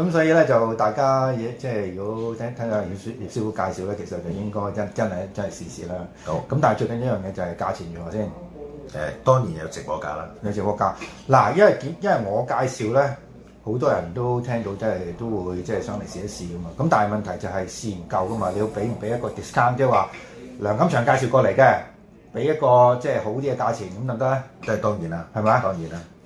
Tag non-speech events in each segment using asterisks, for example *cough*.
咁所以咧就大家嘢即係如果聽聽下葉師葉師傅介紹咧，其實就應該真真係真係試試啦。好。咁但係最緊一樣嘢就係價錢如何先？誒、欸、當然有直播價啦，有直播價。嗱，因為因為我介紹咧，好多人都聽到即係都會即係上嚟試一試噶嘛。咁但係問題就係試唔夠噶嘛，你要俾唔俾一個 discount，即係話梁錦祥介紹過嚟嘅，俾一個即係好啲嘅價錢咁得唔得咧。即係當然啦，係咪？當然啦。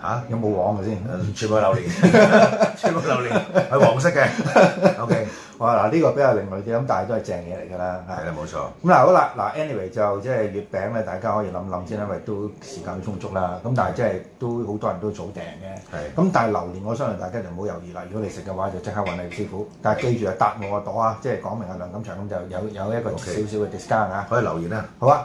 嚇，有冇黃嘅先？全部係榴蓮，全部榴蓮係黃色嘅。O K，好啦，嗱呢個比較另類啲，咁但係都係正嘢嚟㗎啦。係啦，冇錯。咁嗱好啦，嗱 anyway 就即係月餅咧，大家可以諗諗先，因為都時間都充足啦。咁但係即係都好多人都早訂嘅。係。咁但係榴蓮，我相信大家就唔好猶豫啦。如果你食嘅話，就即刻揾你師傅。但係記住啊，搭我個朵啊，即係講明阿梁錦祥咁就有有一個少少嘅 discount 啊，可以留言啊，好啊。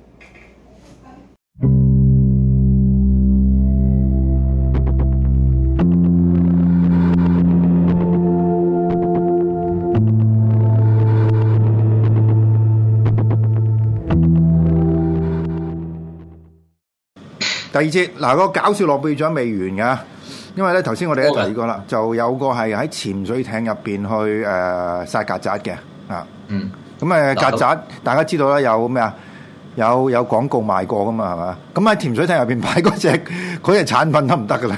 第二節，嗱、那個搞笑諾貝爾獎未完噶，因為咧頭先我哋都提過啦，就有個係喺潛水艇入邊去誒殺曱甴嘅啊，咁誒曱甴大家知道啦，有咩啊有有廣告賣過噶嘛係嘛，咁喺潛水艇入邊擺嗰隻佢嘅產品得唔得噶咧？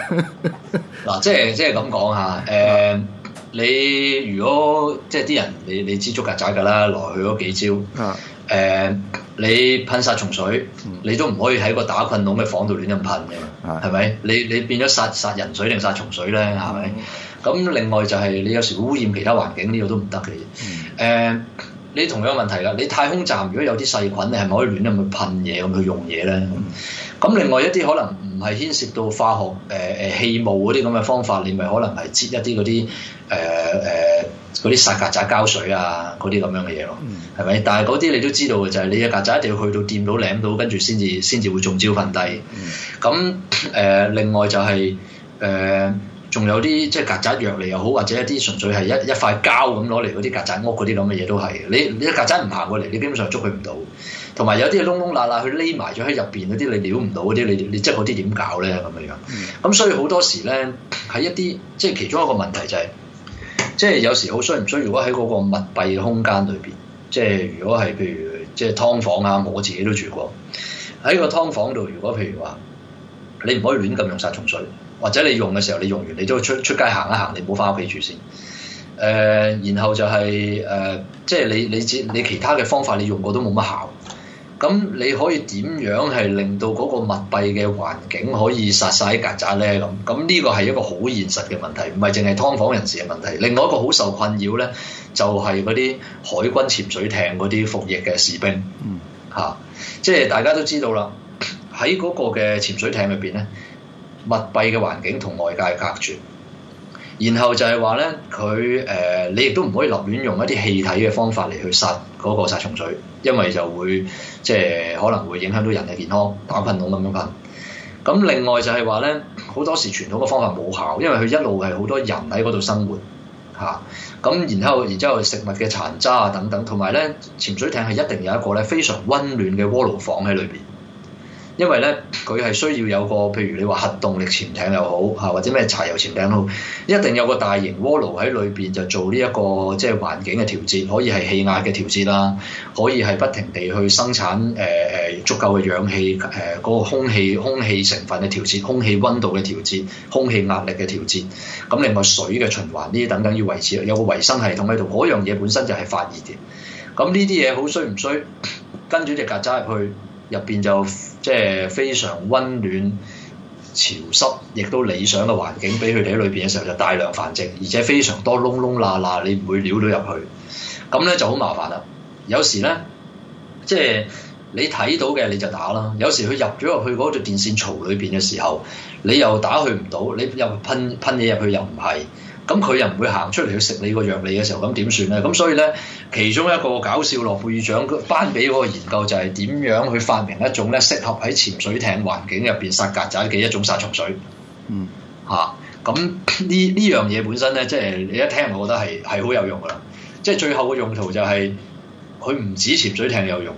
嗱、嗯，即係即係咁講吓，誒、呃、你如果即係啲人你你知捉曱甴噶啦，來去咗幾招，誒、嗯。你噴殺蟲水，你都唔可以喺個打菌桶嘅房度亂咁噴嘅，係咪？你你變咗殺殺人水定殺蟲水咧？係咪？咁另外就係你有時污染其他環境呢個都唔得嘅。誒、呃，你同樣問題啦。你太空站如果有啲細菌，你係咪可以亂咁去噴嘢，咁去用嘢咧？咁另外一啲可能唔係牽涉到化學誒誒、呃、氣霧嗰啲咁嘅方法，你咪可能係接一啲嗰啲誒誒。呃呃嗰啲殺曱甴膠水啊，嗰啲咁樣嘅嘢咯，係咪？但係嗰啲你都知道嘅，就係你隻曱甴一定要去到掂到舐到，跟住先至先至會中招瞓低。咁誒，另外就係誒，仲有啲即係曱甴藥嚟又好，或者一啲純粹係一一塊膠咁攞嚟嗰啲曱甴屋嗰啲咁嘅嘢都係。你你曱甴唔爬過嚟，你基本上捉佢唔到。同埋有啲窿窿罅罅，佢匿埋咗喺入邊嗰啲，你料唔到嗰啲，你你即係嗰啲點搞咧咁嘅樣？咁所以好多時咧，喺一啲即係其中一個問題就係。即係有時好衰唔衰？如果喺嗰個密閉嘅空間裏邊，即係如果係譬如即係劏房啊，我自己都住過。喺個劏房度，如果譬如話，你唔可以亂咁用殺蟲水，或者你用嘅時候，你用完你都出出街行一行，你唔好翻屋企住先。誒、呃，然後就係、是、誒、呃，即係你你接你其他嘅方法，你用過都冇乜效。咁你可以點樣係令到嗰個密閉嘅環境可以殺晒曱甴咧？咁咁呢個係一個好現實嘅問題，唔係淨係劏房人士嘅問題。另外一個好受困擾咧，就係嗰啲海軍潛水艇嗰啲服役嘅士兵，嚇、嗯啊，即係大家都知道啦，喺嗰個嘅潛水艇入邊咧，密閉嘅環境同外界隔絕。然後就係話咧，佢誒、呃、你亦都唔可以立亂用一啲氣體嘅方法嚟去殺嗰個殺蟲水，因為就會即係、就是、可能會影響到人嘅健康，打噴筒咁樣噴。咁另外就係話咧，好多時傳統嘅方法冇效，因為佢一路係好多人喺嗰度生活嚇。咁、啊、然後，然之後食物嘅殘渣啊等等，同埋咧潛水艇係一定有一個咧非常温暖嘅鍋爐房喺裏邊。因為咧，佢係需要有個，譬如你話核動力潛艇又好嚇，或者咩柴油潛艇都好，一定有一個大型鍋爐喺裏邊就做呢、這、一個即係、就是、環境嘅調節，可以係氣壓嘅調節啦，可以係不停地去生產誒誒、呃、足夠嘅氧氣，誒嗰個空氣空氣成分嘅調節、空氣温度嘅調節、空氣壓力嘅調節，咁另外水嘅循環呢啲等等要維持，有個維生系統喺度，嗰樣嘢本身就係發熱嘅。咁呢啲嘢好衰唔衰？跟住隻曱甴入去，入邊就～即係非常温暖、潮濕，亦都理想嘅環境，俾佢哋喺裏邊嘅時候就大量繁殖，而且非常多窿窿罅罅，你唔會料到入去，咁咧就好麻煩啦。有時咧，即係你睇到嘅你就打啦。有時佢入咗入去嗰條電線槽裏邊嘅時候，你又打佢唔到，你又噴噴嘢入去又唔係。咁佢又唔會行出嚟去食你個藥餌嘅時候，咁點算呢？咁所以呢，其中一個搞笑諾貝爾獎頒俾嗰個研究就係點樣去發明一種呢適合喺潛水艇環境入邊殺曱甴嘅一種殺蟲水。嗯，嚇、啊，咁呢呢樣嘢本身呢，即係你一聽，我覺得係係好有用噶啦。即係最後嘅用途就係佢唔止潛水艇有用，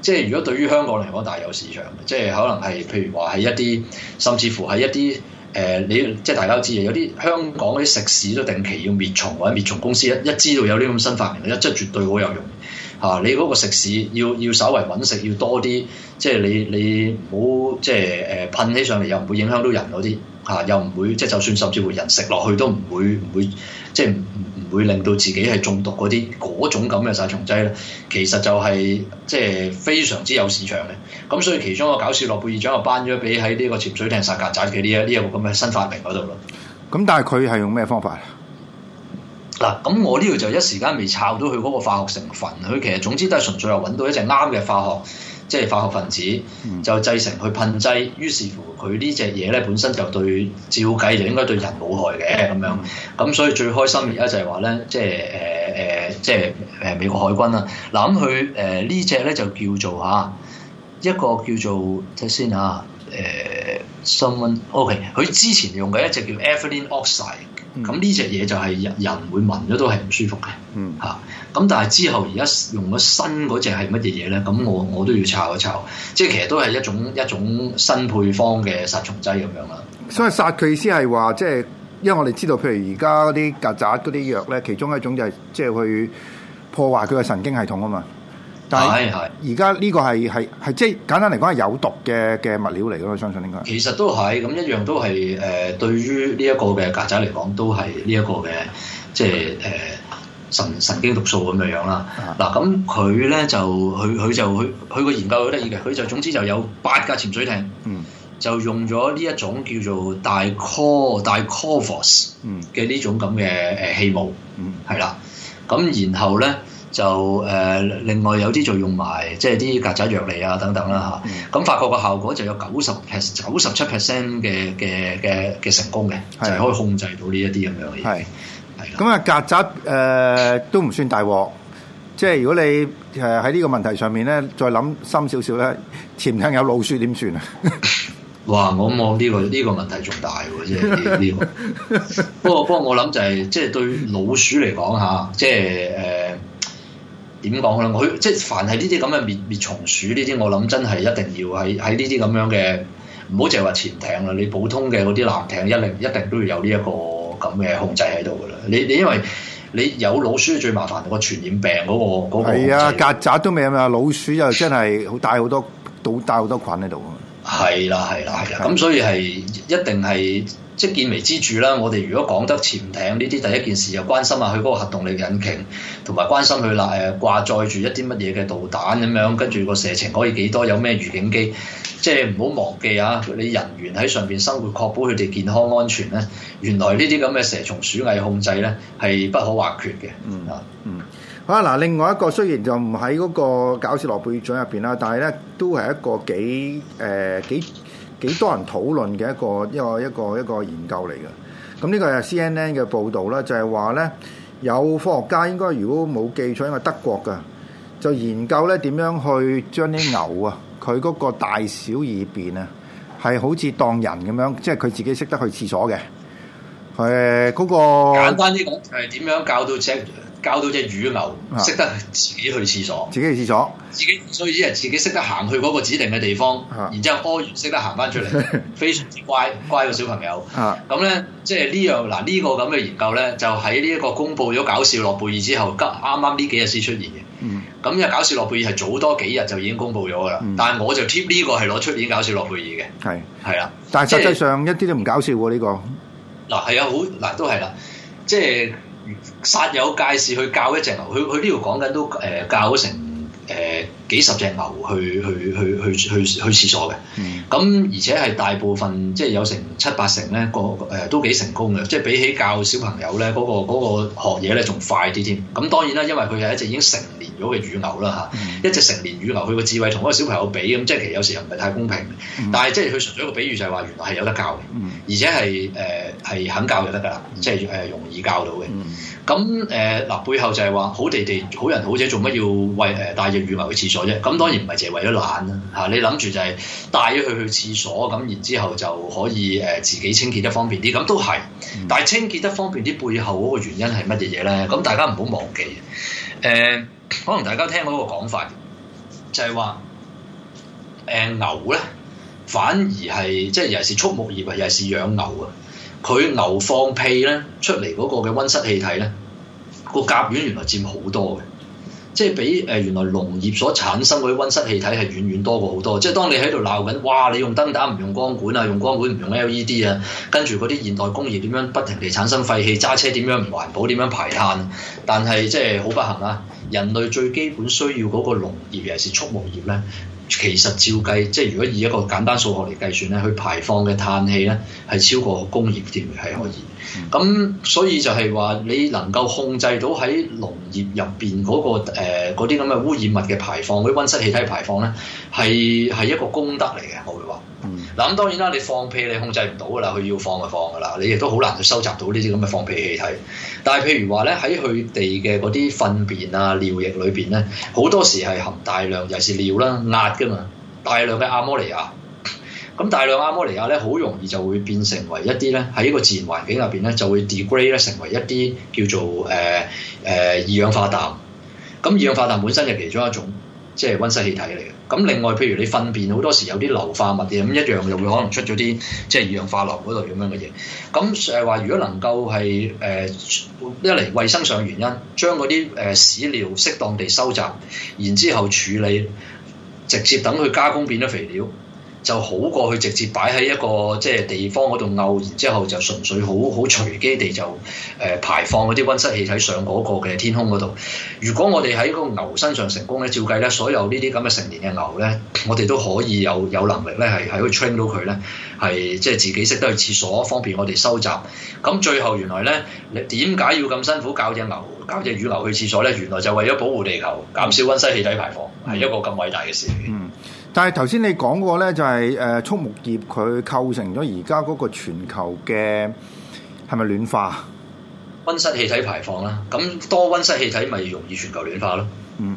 即係如果對於香港嚟講，大有市場，即係可能係譬如話係一啲，甚至乎係一啲。誒、呃，你即係大家都知嘅，有啲香港啲食肆都定期要滅蟲或者滅蟲公司一一知道有呢啲咁新發明一，真係絕對好有用嚇、啊。你嗰個食肆要要稍微搵食要多啲，即係你你唔好即係誒、呃、噴起上嚟又唔會影響到人嗰啲。嚇又唔會，即係就算甚至乎人食落去都唔會唔會，即係唔唔會令到自己係中毒嗰啲嗰種咁嘅殺蟲劑咧，其實就係、是、即係非常之有市場嘅。咁所以其中個搞笑諾貝爾獎又頒咗俾喺呢個潛水艇殺曱甴嘅呢一呢一個咁嘅、這個、新發明嗰度啦。咁、嗯、但係佢係用咩方法？嗱，咁、啊、我呢度就一時間未抄到佢嗰個化學成分，佢其實總之都係純粹又揾到一隻啱嘅化學。即係化學分子就製成去噴劑，於是乎佢呢隻嘢咧本身就對照計就應該對人冇害嘅，咁樣，咁所以最開心而家就係話咧，即係誒誒，即係誒美國海軍啦，嗱咁佢誒呢隻咧就叫做嚇一個叫做睇先嚇誒、呃、someone，OK，、okay，佢之前用嘅一隻叫 ethylene oxide。咁呢隻嘢就係人人會聞咗都係唔舒服嘅，嚇、嗯。咁、啊、但係之後而家用咗新嗰隻係乜嘢嘢咧？咁我我都要查一查，即係其實都係一種一種新配方嘅殺蟲劑咁樣啦。嗯、所以殺佢意思係話，即、就、係、係、因為我哋知道，譬如而家嗰啲曱甴嗰啲藥咧，其中一種就係即係去破壞佢個神經系統啊嘛。係係，而家呢個係係係，即係簡單嚟講係有毒嘅嘅物料嚟咯。我相信應該其實都係咁一樣都、呃一，都係誒，對於呢一個嘅曱甴嚟講，都係呢一個嘅即係誒、呃、神神經毒素咁樣樣啦。嗱，咁佢咧就佢佢就佢佢個研究好得意嘅，佢就總之就有八架潛水艇，嗯、就用咗呢一種叫做 Dichlor Dichlorvos 嘅呢種咁嘅誒氣霧，係、呃、啦，咁、嗯嗯嗯嗯嗯嗯、然後咧。就誒、呃，另外有啲就用埋即係啲曱甴藥嚟啊，等等啦嚇。咁發覺個效果就有九十九十七 percent 嘅嘅嘅嘅成功嘅，的就係可以控制到呢一啲咁樣嘅嘢。係係咁啊，曱甴誒都唔算大鑊，即係如果你誒喺呢個問題上面咧，再諗深少少咧，潛艇有老鼠點算啊？哇！我望啲來，呢、呢個問題仲大喎，真係呢個。不過 *laughs* *laughs* 不過，我諗就係即係對老鼠嚟講嚇，即係誒。就是點講可能佢即係凡係呢啲咁嘅滅滅蟲鼠呢啲，我諗真係一定要喺喺呢啲咁樣嘅，唔好淨係話潛艇啦，你普通嘅嗰啲艦艇一定一定都要有呢一個咁嘅控制喺度㗎啦。你你因為你有老鼠最麻煩，個傳染病嗰個嗰個係啊，曱甴都未有啊，老鼠又真係好帶好多，都帶好多菌喺度。係啦，係啦，係啦。咁所以係一定係即見微知著啦。我哋如果講得潛艇呢啲第一件事，就關心下佢嗰個核動力引擎，同埋關心佢啦，誒掛載住一啲乜嘢嘅導彈咁樣，跟住個射程可以幾多，有咩預警機。即係唔好忘記啊！你人員喺上邊生活，確保佢哋健康安全咧。原來呢啲咁嘅蛇蟲鼠蟻控制咧係不可或缺嘅。嗯啊，嗯。好啊，嗱，另外一個雖然就唔喺嗰個搞笑諾貝爾獎入邊啦，但係咧都係一個幾誒、呃、幾幾多人討論嘅一個一個一個一個研究嚟嘅。咁呢個係 C N N 嘅報導啦，就係話咧有科學家應該如果冇記錯，因為德國嘅就研究咧點樣去將啲牛啊～佢嗰個大小二便啊，係好似當人咁樣，即係佢自己識得去廁所嘅。誒、欸，嗰、那個簡單啲講係點樣教到隻教到隻乳牛識得自己去廁所，啊、自己去廁所，自己所以只係自己識得行去嗰個指定嘅地方，啊、然之後屙完識得行翻出嚟， *laughs* 非常之乖乖嘅小朋友。咁咧、啊，即係呢、就是這個啊這個、這樣嗱呢個咁嘅研究咧，就喺呢一個公佈咗搞笑諾貝爾之後，啱啱呢幾日先出現嘅。嗯，咁又搞笑諾貝爾係早多幾日就已經公布咗㗎喇，嗯、但係我就 tip 呢個係攞出年搞笑諾貝爾嘅，係係啦，的但係實際上、就是、一啲都唔搞笑喎呢個，嗱係啊，好嗱、啊、都係啦，即係煞有介事去教一隻牛，佢佢呢度講緊都誒、呃、教成誒、呃、幾十隻牛去去去去去去廁所嘅，咁、嗯、而且係大部分即係、就是、有成七八成咧個誒、呃、都幾成功嘅，即、就、係、是、比起教小朋友咧嗰、那個嗰、那個、學嘢咧仲快啲添，咁當然啦，因為佢係一隻已經成年。嗰個乳牛啦嚇，嗯、一隻成年乳牛佢嘅智慧同嗰個小朋友比咁，即係其實有時又唔係太公平。但係即係佢純粹一個比喻，就係話原來係有得教嘅，而且係誒係肯教就得噶啦，即係誒容易教到嘅。咁誒嗱，背後就係話好地地好人好者做乜要為誒帶隻乳牛去廁所啫？咁當然唔係淨係為咗懶啦嚇。你諗住就係帶咗佢去廁所，咁然之後就可以誒、呃、自己清潔得方便啲。咁都係，但係清潔得方便啲背後嗰個原因係乜嘢嘢咧？咁大家唔好忘記誒。呃可能大家聽到個講法，就係、是、話，誒、呃、牛咧，反而係即係又係畜牧業啊，又係養牛啊。佢牛放屁咧出嚟嗰個嘅溫室氣體咧，個甲烷原來佔好多嘅，即係比誒、呃、原來農業所產生嗰啲溫室氣體係遠遠多過好多。即係當你喺度鬧緊，哇！你用燈膽唔用光管啊，用光管唔用 LED 啊，跟住嗰啲現代工業點樣不停地產生廢氣，揸車點樣唔環保，點樣排碳，但係即係好不幸啊！人類最基本需要嗰個農業，尤其是畜牧業咧，其實照計，即係如果以一個簡單數學嚟計算咧，去排放嘅碳氣咧，係超過工業之餘係可以。咁、嗯、所以就係話，你能夠控制到喺農業入邊嗰個嗰啲咁嘅污染物嘅排放，嗰啲温室氣體排放咧，係係一個功德嚟嘅，我會話。嗱咁、嗯、當然啦，你放屁你控制唔到噶啦，佢要放就放噶啦，你亦都好難去收集到呢啲咁嘅放屁氣體。但係譬如話咧，喺佢哋嘅嗰啲糞便啊、尿液裏邊咧，好多時係含大量，尤其是尿啦，鴨噶嘛，大量嘅阿摩尼亞。咁大量阿摩尼亞咧，好容易就會變成為一啲咧喺個自然環境入邊咧，就會 degrade 咧成為一啲叫做誒誒、呃呃、二氧化氮。咁二氧化氮本身就其中一種即係温室氣體嚟嘅。咁另外，譬如你糞便好多時有啲硫化物嘅，咁一樣就會可能出咗啲即係二氧化硫嗰類咁樣嘅嘢。咁係話如果能夠係誒、呃、一嚟衛生上原因，將嗰啲誒屎尿適當地收集，然之後處理，直接等佢加工變咗肥料。就好過去直接擺喺一個即係地方嗰度屙，然之後就純粹好好隨機地就誒排放嗰啲温室氣體上嗰個嘅天空嗰度。如果我哋喺個牛身上成功咧，照計咧，所有呢啲咁嘅成年嘅牛咧，我哋都可以有有能力咧，係喺度 train 到佢咧，係即係自己識得去廁所，方便我哋收集。咁最後原來咧，你點解要咁辛苦教隻牛、教隻乳牛去廁所咧？原來就為咗保護地球，減少温室氣體排放，係一個咁偉大嘅事。嗯。但係頭先你講過咧、就是，就係誒畜牧業佢構成咗而家嗰個全球嘅係咪暖化？温室氣體排放啦、啊，咁多温室氣體咪容易全球暖化咯。嗯，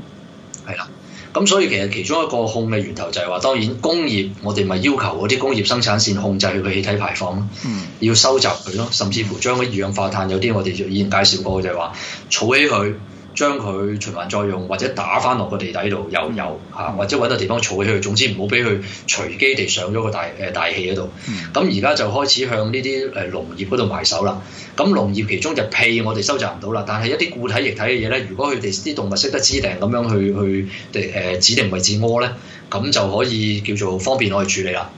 係啦，咁所以其實其中一個控嘅源頭就係話，當然工業我哋咪要求嗰啲工業生產線控制佢嘅氣體排放咯、啊，嗯、要收集佢咯，甚至乎將二氧化碳，有啲我哋以前介紹過就係話儲起佢。將佢循環再用，或者打返落個地底度，又有嚇，或者揾個地方儲起佢。總之唔好俾佢隨機地上咗個大誒、呃、大氣嗰度。咁而家就開始向呢啲誒農業嗰度埋手啦。咁農業其中就屁我哋收集唔到啦，但係一啲固體液體嘅嘢咧，如果佢哋啲動物識得定、呃、指定咁樣去去誒指定位置屙咧，咁就可以叫做方便我哋處理啦。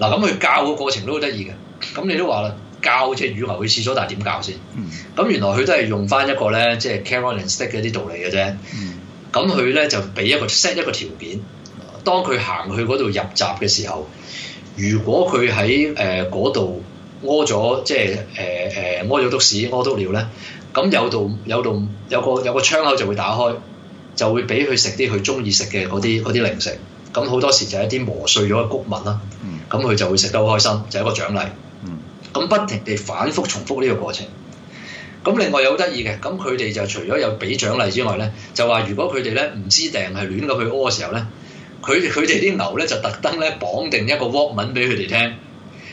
嗱，咁佢教嘅過程都好得意嘅。咁你都話啦。教即係乳牛去廁所，但係點教先？咁、嗯、原來佢都係用翻一個咧，即係 carrot and stick 嘅啲道理嘅啫。咁佢咧就俾一個 set 一個條件，當佢行去嗰度入閘嘅時候，如果佢喺誒嗰度屙咗，即係誒誒屙咗篤屎、屙、呃、篤尿咧，咁有度有度有，有個有個窗口就會打開，就會俾佢食啲佢中意食嘅嗰啲啲零食。咁好多時就係一啲磨碎咗嘅谷物啦。咁佢就會食得好開心，就係、一個獎勵。咁不停地反覆重複呢個過程。咁另外有好得意嘅，咁佢哋就除咗有俾獎勵之外咧，就話如果佢哋咧唔知定係亂咁去屙嘅時候咧，佢佢哋啲牛咧就特登咧綁定一個 word 文俾佢哋聽，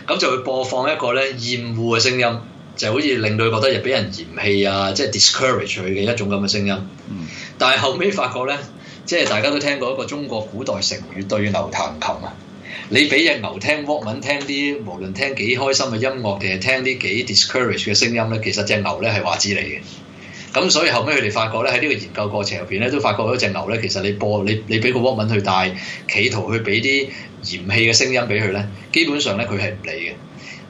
咁就會播放一個咧厭惡嘅聲音，就好似令到佢覺得又俾人嫌棄啊，即、就、係、是、discourage 佢嘅一種咁嘅聲音。嗯、但係後尾發覺咧，即係大家都聽過一個中國古代成語對牛彈琴啊。你俾隻牛聽 walkman 聽啲，無論聽幾開心嘅音樂定係聽啲幾 discourage 嘅聲音咧，其實隻牛咧係話之你嘅。咁所以後尾佢哋發覺咧，喺呢個研究過程入邊咧，都發覺咗隻牛咧，其實你播你你俾個 walkman 去帶，企圖去俾啲嫌棄嘅聲音俾佢咧，基本上咧佢係唔理嘅。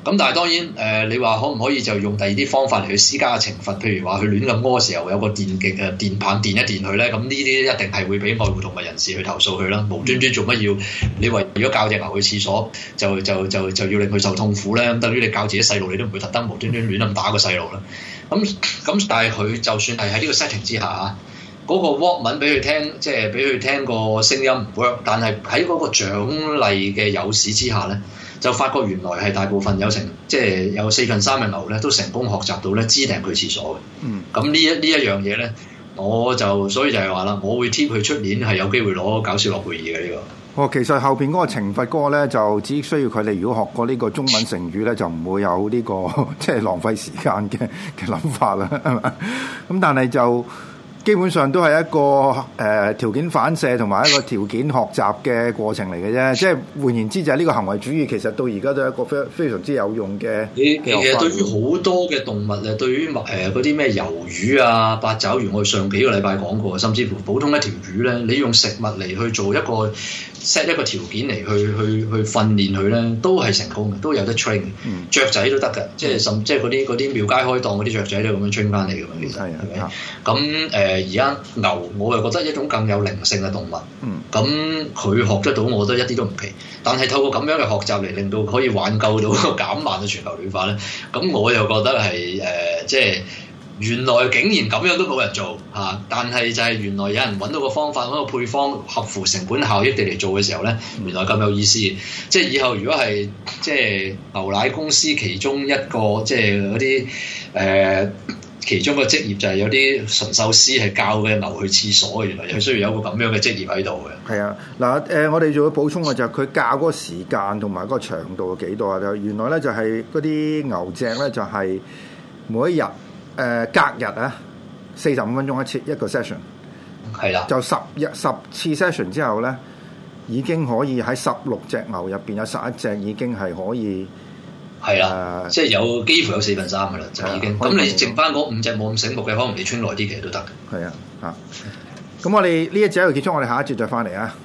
咁但係當然，誒、呃、你話可唔可以就用第二啲方法嚟去施加嘅懲罰？譬如話佢亂咁屙嘅時候，有個電極嘅電棒電一電佢咧，咁呢啲一定係會俾愛護動物人士去投訴佢啦。無端端做乜要你話如果教隻牛去廁所就，就就就就要令佢受痛苦咧？咁等於你教自己細路，你都唔會特登無端端亂咁打個細路啦。咁、嗯、咁但係佢就算係喺呢個 setting 之下啊。嗰個 word 文，俾佢聽，即係俾佢聽個聲音 work，但係喺嗰個獎勵嘅有史之下咧，就發覺原來係大部分有成，即係有四分三隻牛咧都成功學習到咧支定佢去廁所嘅。嗯，咁呢一呢一樣嘢咧，我就所以就係話啦，我會 tip 佢出年係有機會攞搞笑諾貝爾嘅呢、呢個。哦，其實後邊嗰個懲罰嗰咧，就只需要佢哋如果學過呢個中文成語咧， *laughs* 就唔會有呢、呢個即係浪費時間嘅嘅諗法啦。係嘛。咁但係就。基本上都係一個誒、呃、條件反射同埋一個條件學習嘅過程嚟嘅啫，即係換言之就係呢個行為主義其實到而家都係一個非非常之有用嘅。其實對於好多嘅動物咧，對於物嗰啲咩魷魚啊、八爪魚，我上幾個禮拜講過，甚至乎普通一條魚咧，你用食物嚟去做一個 set 一個條件嚟去去去訓練佢咧，都係成功嘅，都有得 train、嗯。雀仔都得㗎，嗯、即係甚、嗯、即係嗰啲嗰啲廟街開檔嗰啲雀仔都咁樣 train 翻嚟嘅其實係咁誒。誒而家牛，我又覺得一種更有靈性嘅動物。嗯，咁佢學得到，我覺得一啲都唔奇。但係透過咁樣嘅學習嚟令到可以挽救到個減慢嘅全球暖化呢，咁我又覺得係誒、呃，即係原來竟然咁樣都冇人做吓、啊。但係就係原來有人揾到個方法，揾個配方合乎成本效益地嚟做嘅時候呢，原來咁有意思。即係以後如果係即係牛奶公司其中一個即係嗰啲誒。呃其中個職業就係有啲馴獸師係教嘅牛去廁所，原來佢需要有個咁樣嘅職業喺度嘅。係啊，嗱、呃、誒，我哋仲要補充嘅就係佢教嗰個時間同埋嗰個長度幾多啊？就原來咧就係嗰啲牛隻咧就係、是、每一日誒、呃、隔日啊，四十五分鐘一次一個 session，係啦、啊，就十日十次 session 之後咧已經可以喺十六隻牛入邊有十一隻已經係可以。係啦，即係有幾乎有四分三嘅啦，的就已經咁。的你剩翻嗰五隻冇咁醒目嘅，的可能你穿耐啲其實都得。係啊，嚇！咁我哋呢一節喺度結束，我哋下一節再翻嚟啊。